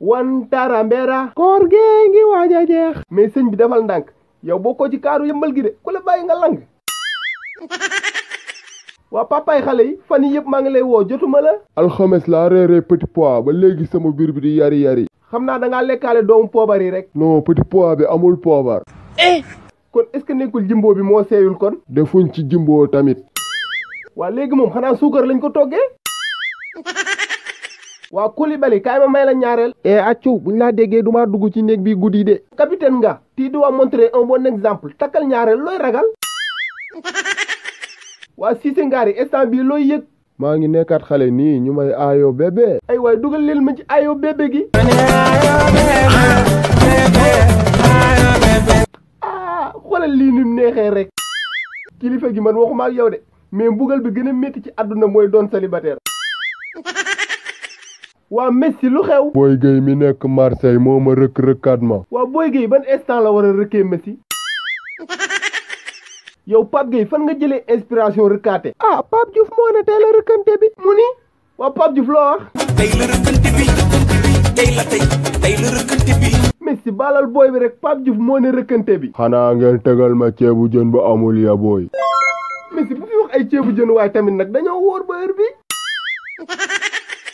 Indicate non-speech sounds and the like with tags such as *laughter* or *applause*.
wantara mbera koor gee ngi waaj a jeex mais sëñ bi defal ndànk yow bokkoo ci kaaru yëmbal gi de ku la bàyyi nga lang *laughs* waa papaay xale yi fan yi yëpp maa ngi lay woo jotuma la alxames laa reeree petit pois ba léegi sama biir bi di yari yari xam naa dangaa lekkaale doomu poobar yi rek non petit pois bi amul poobar eh kon est-ce que nekkul jimbo bi moo seyul kon defuñ ci jimbo tamit waa léegi moom xanaa suukar lañ ko toggee waaw Koulibaly kaay ma may la ñaareel e eh, accu buñ laa déggee du maa dugg ci néeg bi guddi de capitaine nga di doit montrer un bon exemple takkal ñaareel looy ragal *laughs* waa Cissé Ngari instant bii looy yëg maa ngi nekkaat xale nii ñu may aayo bébé ay waay dugal ma ci aayo bébé gi ah lii nim neexee rek kilifa gi man waxuma ak yow de mais mbugal bi gën a métti ci àdduna mooy doon célibataire *laughs* waa Messi lu xew. Boy mi nekk Marseille moo ma rëkk rëkkaat ma. waa Boy Gueye ban instant la war a rëkkee Messi. *laughs* yow Pape Gueye fan nga jëlee inspiration rëkkaate. ah Pape Diouf moo ne tey la bi. mu ni waa Pape Diouf loo wax. tey la bi tey la tey tey la bi. Messi baalal booy bi rek Pape Diouf moo ne rëkkante bi. xanaa ngeen tegal ma ceebu jën bu amul ya booy. Messi bu fi wax ay ceebu jën waaye tamit nag dañoo wóor ba bi. *laughs*